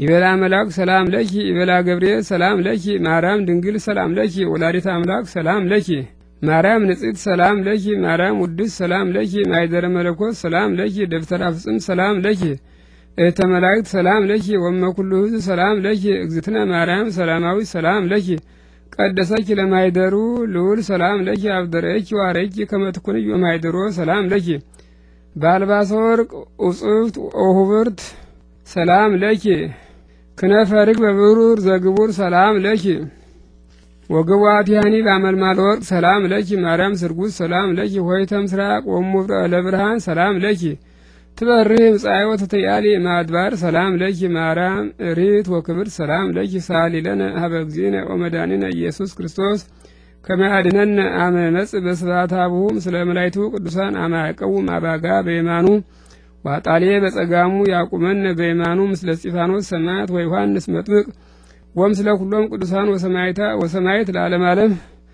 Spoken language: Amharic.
ይበላ መልአክ ሰላም ለኪ ይበላ ገብርኤል ሰላም ለኪ ማርያም ድንግል ሰላም ለኪ ወላዲት አምላክ ሰላም ለኪ ማርያም ንጽት ሰላም ለኪ ማርያም ውድስ ሰላም ለኪ ማይደረ መለኮት ሰላም ለኪ ደብተራ ፍጽም ሰላም ለኪ እህተ መላእክት ሰላም ለኪ ኩሉ ሕዝብ ሰላም ለኪ እግዝእትነ ማርያም ሰላማዊ ሰላም ለኪ ቀደሰኪ ለማይደሩ ልዑል ሰላም ለኪ አብደረኪ ዋረኪ ከመትኩንይ ወማይደሮ ሰላም ለኪ በአልባሰ ወርቅ ውጽብት ኦሁብርት ሰላም ለኪ ክነፈርግ በብሩር ዘግቡር ሰላም ለኪ ወግቧት ያህኒ በአመልማል ወርቅ ሰላም ለኪ ማርያም ስርጉት ሰላም ለኪ ሆይተ ምስራቅ ወሙብረ ለብርሃን ሰላም ለኪ ትበርህ ምጻዮ ተተያሊ ማድባር ሰላም ለኪ ማርያም ሪት ወክብር ሰላም ለኪ ሳሊ ለነ ሀበ እግዚእነ ወመድኃኒነ ኢየሱስ ክርስቶስ ከመያድነን አመመጽ በስባት አብሁም ስለ መላይቱ ቅዱሳን አማያቀውም አባጋ በየማኑ ዋጣሌ በጸጋሙ ያቁመን በየማኑ ምስለ እስጢፋኖስ ሰማዕት ወዮሐንስ መጥምቅ ወም ስለ ኩሎም ቅዱሳን ወሰማይታ ወሰማይት ለዓለም ዓለም